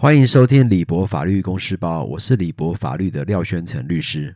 歡迎收聽李博法律公事包，我是李博法律的廖宣成律師。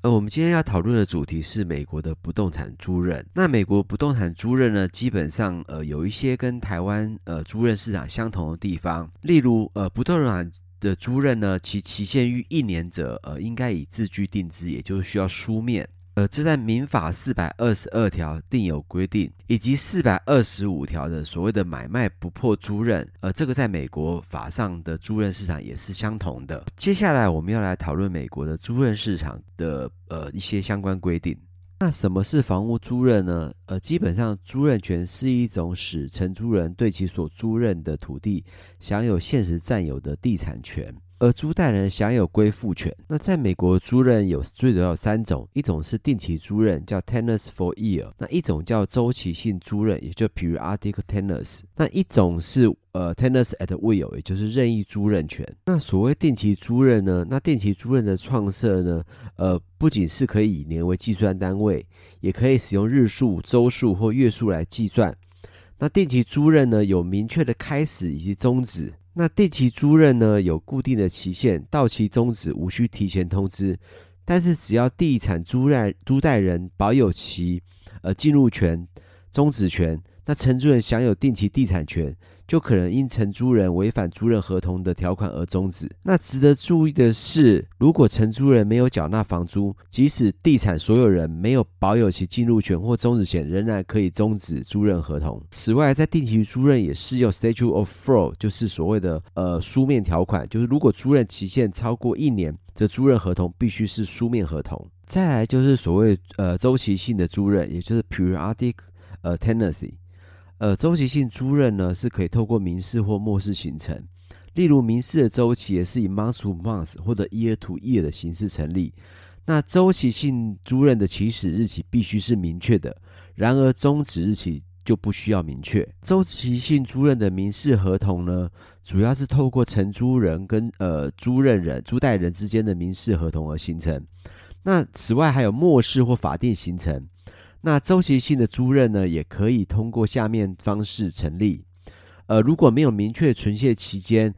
呃，我們今天要討論的主題是美國的不動產租賃。那美國不動產租賃呢，基本上呃有一些跟台灣呃租賃市場相同的地方，例如呃不動產的租賃呢，其期限於一年者，呃應該以字據訂立，也就是需要書面。呃，這在民法四百二十二條定有規定，以及四百二十五條的所謂的買賣不破租賃。呃，這個在美國法上的租賃市場也是相同的。接下來我們要來討論美國的租賃市場的呃一些相關規定。那什麼是房屋租賃呢？呃，基本上租賃權是一種使承租人對其所租賃的土地享有現實占有的地產權。而租貸人享有歸附權。那在美國，租任有最主要有三種：一種是定期租任，叫 tenancy for year；那一種叫周期性租任，也就 periodic tenancy。那一種是呃 tenancy at will，也就是任意租任權。那所謂定期租任呢？那定期租任的創設呢？呃，不僅是可以以年為計算單位，也可以使用日數、周數或月數來計算。那定期租任呢，有明確的開始以及終止。那定期租賃呢，有固定的期限，到期終止，無需提前通知。但是只要地產租賃租貸人保有其呃進入權、終止權，那承租人享有定期地產權，就可能因承租人違反租賃合同的條款而終止。那值得注意的是，如果承租人沒有繳納房租，即使地產所有人沒有保有其進入權或終止權，仍然可以終止租賃合同。此外，在定期租賃也適用 Statute of Fraud，就是所謂的呃書面條款，就是如果租賃期限超過一年，則租賃合同必須是書面合同。再來就是所謂呃周期性的租賃，也就是 Periodic 呃 Tenancy。Tennessee 呃，周期性租賃呢是可以透過民事或默示形成，例如民事的周期也是以 month to month 或者 year to year 的形式成立。那周期性租賃的起始日期必須是明確的，然而終止日期就不需要明確。周期性租賃的民事合同呢，主要是透過承租人跟呃租賃人、租貸人之間的民事合同而形成。那此外還有默示或法定形成。那周期性的租賃呢，也可以通過下面方式成立。呃，如果沒有明確存續期間，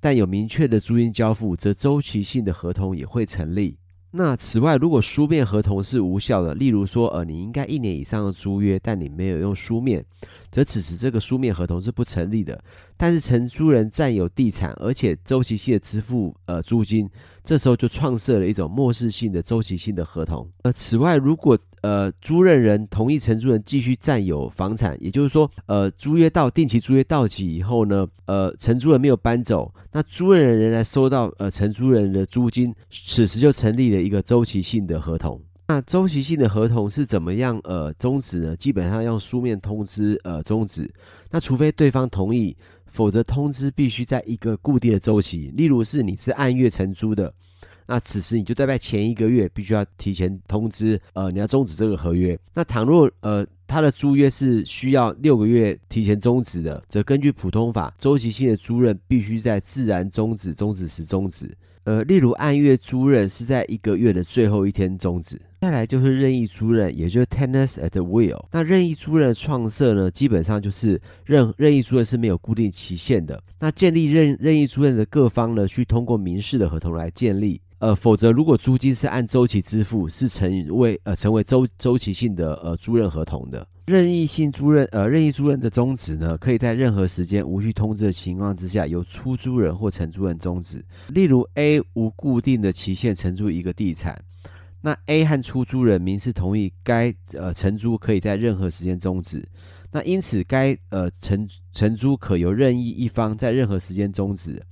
但有明確的租賃交付，則周期性的合同也會成立。那此外，如果書面合同是無效的，例如說，呃，你應該一年以上的租約，但你沒有用書面，則此時這個書面合同是不成立的。但是承租人占有地產，而且周期性的支付呃租金，這時候就創設了一種默示性的周期性的合同。呃此外，如果呃租任人，人同意承租人繼續占有房產，也就是說呃租約到定期租約到期以後呢，呃承租人沒有搬走，那租任人，人仍然收到呃承租人的租金，此時就成立了一個周期性的合同。那周期性的合同是怎麼樣呃終止呢？基本上用書面通知呃終止，那除非對方同意。否則，通知必須在一個固定的周期，例如是你是按月承租的，那此時你就代表前一個月必須要提前通知，呃，你要終止這個合約。那倘若呃，他的租約是需要六個月提前終止的，則根據普通法，周期性的租賃必須在自然終止終止時終止。呃，例如按月租賃是在一個月的最後一天終止。再來就是任意租賃，也就是 tenancy at will。那任意租賃的創設呢，基本上就是任任意租賃是沒有固定期限的。那建立任任意租賃的各方呢，需通過民事的合同來建立。呃，否則如果租金是按周期支付，是成為呃成為周周期性的呃租賃合同的。任意性租賃，呃，任意租賃的終止呢，可以在任何時間無需通知的情況之下，由出租人或承租人終止。例如 A 無固定的期限承租一個地產，那 A 和出租人明示同意該呃承租可以在任何時間終止，那因此該呃承承租可由任意一方在任何時間終止。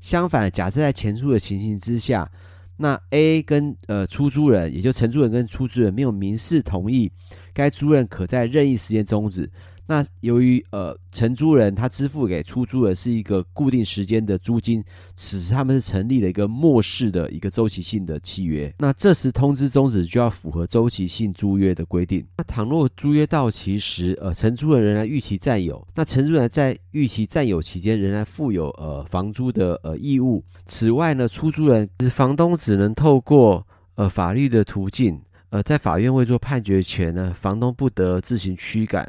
相反，假設在前述的情形之下。那 A 跟呃出租人，也就承租人跟出租人沒有明示同意，該租賃可在任意時間終止。那由於呃承租人他支付給出租人是一個固定時間的租金，此時他們是成立了一個末世的一個周期性的契約。那這時通知終止就要符合周期性租約的規定。那倘若租約到期時，呃承租人仍然逾期占有，那承租人在逾期占有期間仍然負有呃房租的呃義務。此外呢，出租人、房東只能透過呃法律的途徑，呃在法院未做判決前呢，房東不得自行驅趕。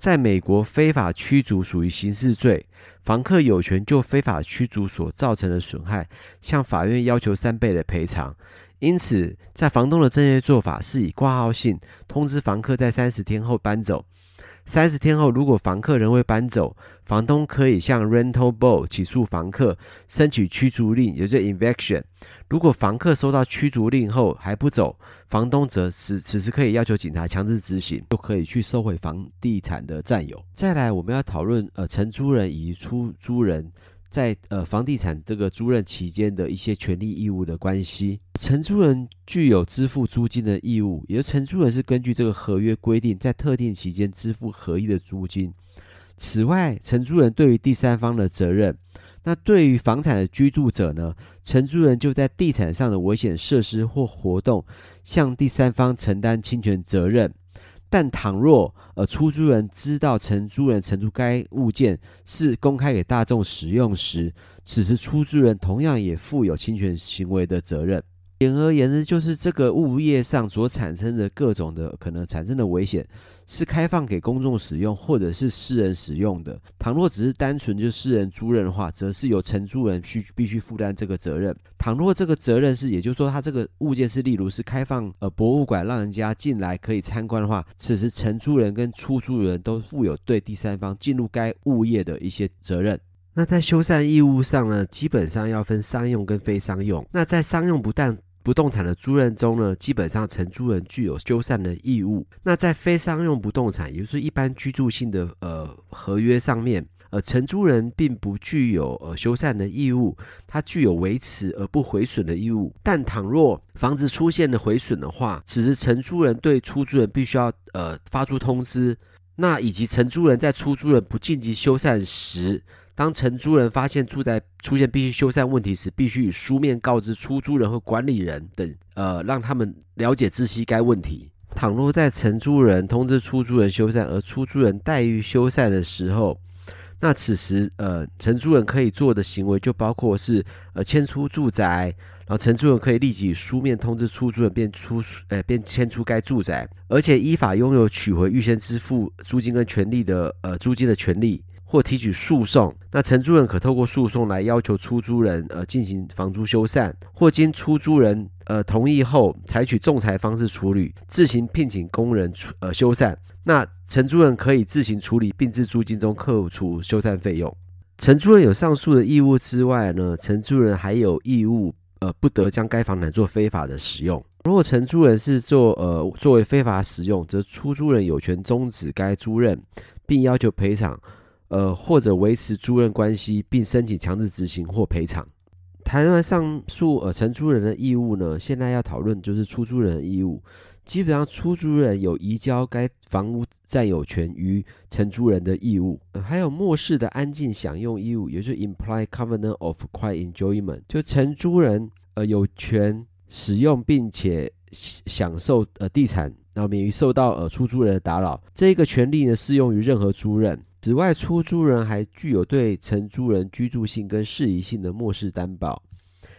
在美國，非法驅逐屬於刑事罪，房客有權就非法驅逐所造成的損害，向法院要求三倍的賠償。因此，在房東的正確做法是以掛號信通知房客在三十天後搬走。三十天後，如果房客仍未搬走，房東可以向 Rental Board 起訴房客，申請驅逐令，也就是 Eviction。如果房客收到驅逐令後還不走，房東則此此時可以要求警察強制執行，就可以去收回房地產的占有。再來，我們要討論呃，承租人以及出租人。在呃房地產這個租賃期間的一些權利義務的關係，承租人具有支付租金的義務，也就承租人是根據這個合約規定，在特定期間支付合意的租金。此外，承租人對於第三方的責任，那對於房產的居住者呢，承租人就在地產上的危險設施或活動，向第三方承擔侵權責任。但倘若呃出租人知道承租人承租該物件是公開給大眾使用時，此時出租人同樣也負有侵權行為的責任。簡而言之，就是這個物業上所產生的各種的可能產生的危險，是開放給公眾使用或者是私人使用的。倘若只是單純就私人租賃的話，則是由承租人去必須負擔這個責任。倘若這個責任是，也就是說，它這個物件是例如是開放呃博物館，讓人家進來可以參觀的話，此時承租人跟出租人都負有對第三方進入該物業的一些責任。那在修繕義務上呢，基本上要分商用跟非商用。那在商用不但不動產的租賃中呢，基本上承租人具有修繕的義務。那在非商用不動產，也就是一般居住性的呃合約上面，呃，承租人並不具有呃修繕的義務，它具有維持而不毀損的義務。但倘若房子出現了毀損的話，此時承租人對出租人必須要呃發出通知，那以及承租人在出租人不緊急修繕時。當承租人發現住宅出現必須修繕問題時，必須以書面告知出租人和管理人等，呃，讓他們了解知悉該問題。倘若在承租人通知出租人修繕，而出租人怠於修繕的時候，那此時，呃，承租人可以做的行為就包括是，呃，遷出住宅，然後承租人可以立即書面通知出租人，便出，呃，便遷出該住宅，而且依法擁有取回預先支付租金跟權利的，呃，租金的權利。或提起訴訟，那承租人可透過訴訟來要求出租人，呃，進行房租修繕，或經出租人，呃，同意後採取仲裁方式處理，自行聘請工人出，呃，修繕。那承租人可以自行處理，並自租金中扣除修繕費用。承租人有上述的義務之外呢，承租人還有義務，呃，不得將該房產做非法的使用。如果承租人是做，呃，作為非法使用，則出租人有權終止該租賃，並要求賠償。呃，或者維持租賃關係，並申請強制執行或賠償。談完上述呃承租人的義務呢，現在要討論就是出租人的義務。基本上，出租人有移交該房屋占有權於承租人的義務，呃、還有默示的安靜享用義務，也就是 implied covenant of quiet enjoyment，就承租人呃有權使用並且享受呃地產，然後免於受到呃出租人的打擾。這個權利呢，適用於任何租人。此外，出租人還具有對承租人居住性跟適宜性的默示擔保，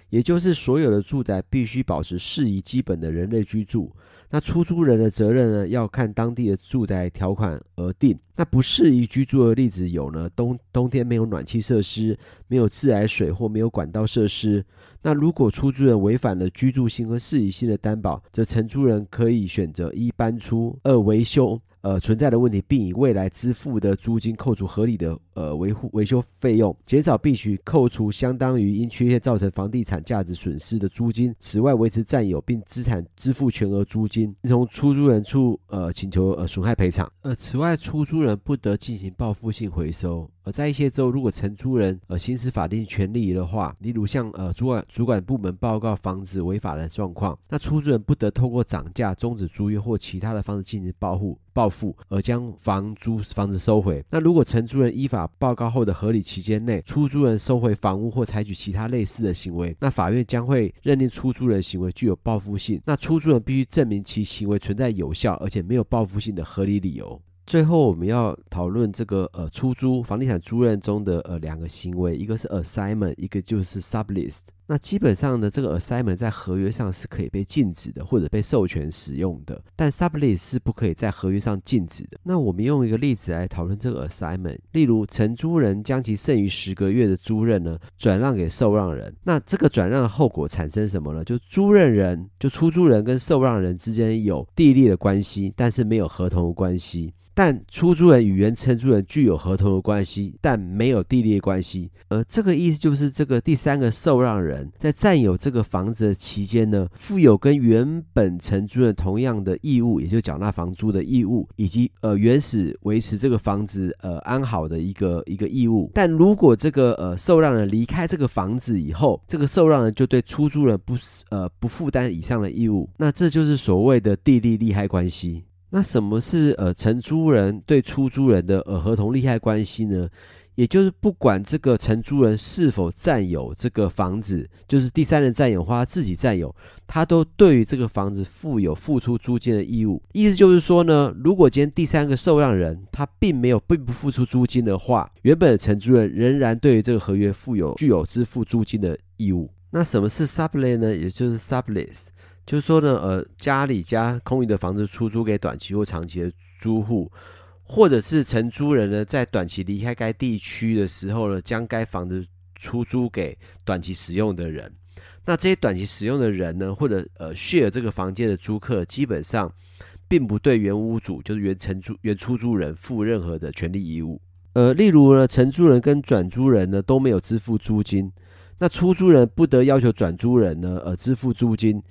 也就是所有的住宅必須保持適宜基本的人類居住。那出租人的責任呢，要看當地的住宅條款而定。那不適宜居住的例子有呢，冬、冬天沒有暖氣設施，沒有自來水或沒有管道設施。那如果出租人違反了居住性和適宜性的擔保，則承租人可以選擇一搬出，二維修。呃，存在的問題，並以未來支付的租金扣除合理的。呃，維護維修費用減少，必須扣除相當於因缺陷造成房地產價值損失的租金。此外，維持占有並資產支付全額租金，從出租人處呃請求呃損害賠償。呃，此外，出租人不得進行報復性回收。而、呃、在一些州，如果承租人呃行使法定權利的話，例如向呃主管主管部門報告房子違法的狀況，那出租人不得透過漲價、終止租約或其他的方式進行報復報復，而、呃、將房租房子收回。那如果承租人依法。報告後的合理期間內，出租人收回房屋或採取其他類似的行為，那法院將會認定出租人行為具有報復性。那出租人必須證明其行為存在有效，而且沒有報復性的合理理由。最後我們要討論這個呃出租房地產租賃中的呃兩個行為，一個是 assignment，一個就是 sublease。那基本上呢，這個 assignment 在合約上是可以被禁止的，或者被授權使用的，但 sublease 是不可以在合約上禁止的。那我們用一個例子來討論這個 assignment。例如，承租人將其剩餘十個月的租賃呢轉讓給受讓人，那這個轉讓的後果產生什麼呢？就租賃人就出租人跟受讓人之間有地利的關係，但是沒有合同的關係。但出租人與原承租人具有合同的關係，但沒有地利的關係。呃，這個意思就是，這個第三個受讓人在佔有這個房子的期間呢，負有跟原本承租人同樣的義務，也就繳納房租的義務，以及呃原始維持這個房子呃安好的一個一個義務。但如果這個呃受讓人離開這個房子以後，這個受讓人就對出租人不呃不負擔以上的義務，那這就是所謂的地利利害關係。那什麼是呃承租人對出租人的呃合同利害關係呢？也就是不管這個承租人是否占有這個房子，就是第三人占有或他自己占有，他都對於這個房子負有付出租金的義務。意思就是說呢，如果今天第三個受讓人他並沒有並不付出租金的話，原本的承租人仍然對於這個合約負有具有支付租金的義務。那什麼是 sublet 呢？也就是 sublease。就是說呢，呃，家裡家空餘的房子出租給短期或長期的租戶，或者是承租人呢，在短期離開該地區的時候呢，將該房子出租給短期使用的人。那這些短期使用的人呢，或者呃，share 這個房間的租客，基本上並不對原屋主，就是原承租、原出租人負任何的權利義務。呃，例如呢，承租人跟轉租人呢都沒有支付租金，那出租人不得要求轉租人呢，呃，支付租金。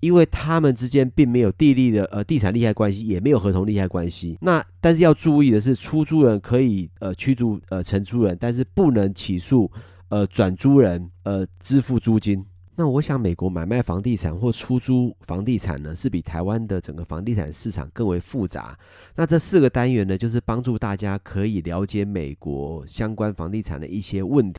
因為他們之間並沒有地利的呃地產利害關係，也沒有合同利害關係。那但是要注意的是，出租人可以呃驅逐呃承租人，但是不能起訴呃轉租人呃支付租金。那我想，美國買賣房地產或出租房地產呢，是比台灣的整個房地產市場更為複雜。那這四個單元呢，就是幫助大家可以了解美國相關房地產的一些問題。